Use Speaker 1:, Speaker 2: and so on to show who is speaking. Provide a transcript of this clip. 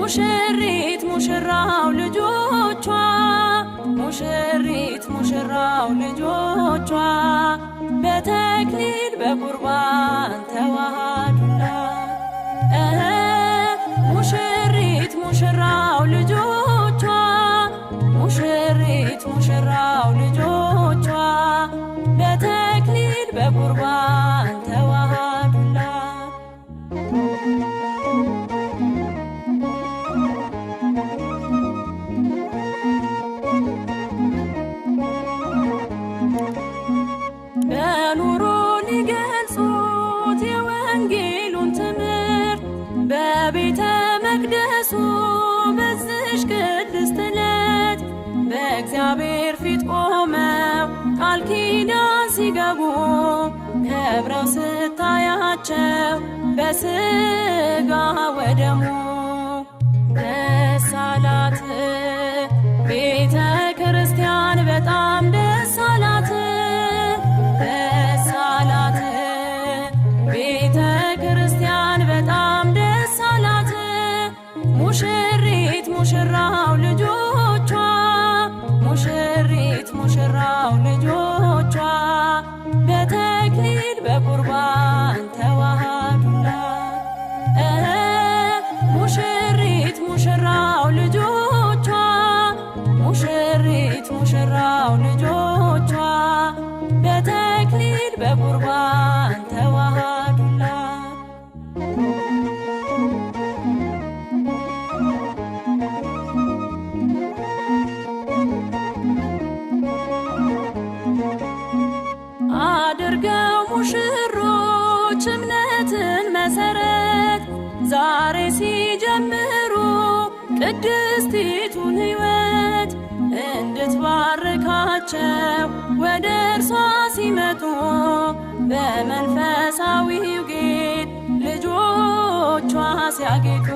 Speaker 1: ሙሽሪት ሙሽራው ልጆቿ ሙሽሪት ሙሽራው ልጆቿ በተክሊል በቁርባን እርሱ በዝሽ ቅድስት ዕለት በእግዚአብሔር ፊት ቆመው ቃል ኪዳን ሲገቡ ከብረው ስታያቸው በሥጋ ወደሙ ሙሽሪት ሙሽራው ልጆቿ ሙሽሪት ሙሽራው ልጆቿ በተክሊል በቁርባን ተዋሃዱላት። ሙሽሪት ሙሽራው ልጆቿ ሙሽሪት ሙሽራው ልጆ የሙሽሮች እምነትን መሰረት ዛሬ ሲጀምሩ ቅድስቲቱን ሕይወት እንድትባርካቸው ወደ እርሷ ሲመጡ በመንፈሳዊው ጌጥ ልጆቿ ሲያጌጡ